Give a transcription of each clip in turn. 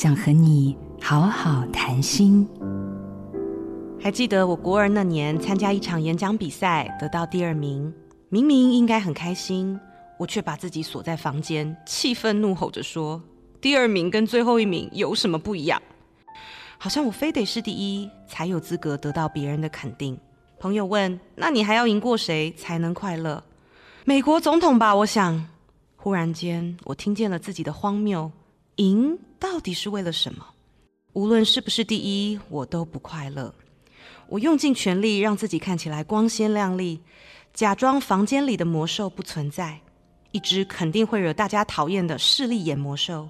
想和你好好談心。還記得我國二那年參加一場演講比賽，得到第二名。明明應該很開心，我卻把自己鎖在房間，氣憤怒吼着說：“第二名跟最後一名有什麼不一樣？好像我非得是第一，才有資格得到別人的肯定。”朋友問：“那你還要贏過誰才能快樂？”美國總統吧，我想。忽然間，我聽見了自己的荒謬。贏到底是為了什麼？無論是不是第一，我都不快樂。我用盡全力讓自己看起來光鮮亮麗，假裝房間裡的魔獸不存在。一隻肯定會惹大家討厭的勢利眼魔獸，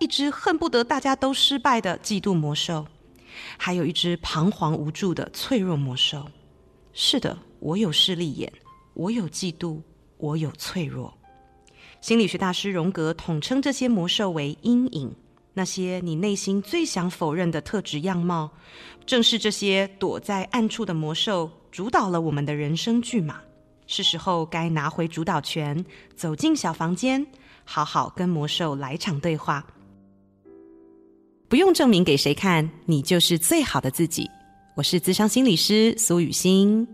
一隻恨不得大家都失敗的嫉妒魔獸，還有一隻彷徨無助的脆弱魔獸。是的，我有勢利眼，我有嫉妒，我有脆弱。心理學大師榮格統稱這些魔獸為陰影，那些你內心最想否認的特質樣貌，正是這些躲在暗處的魔獸主導了我們的人生劇碼。是時候該拿回主導權，走進小房間，好好跟魔獸來場對話。不用證明給誰看，你就是最好的自己。我是諮商心理師蘇予昕，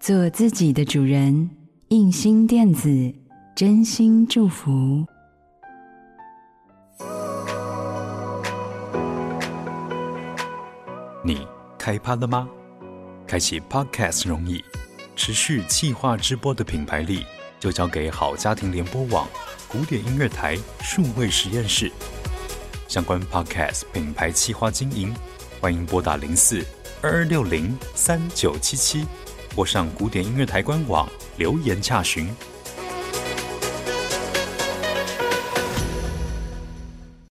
做自己的主人，映興電子。真心祝福。你開趴了嗎？開啟 Podcast 容易，持續企劃直播的品牌力就交給好家庭聯播網、古典音樂台、數位實驗室。相關 Podcast 品牌企劃經營，歡迎撥打零四二二六零三九七七，或上古典音樂台官網留言洽詢。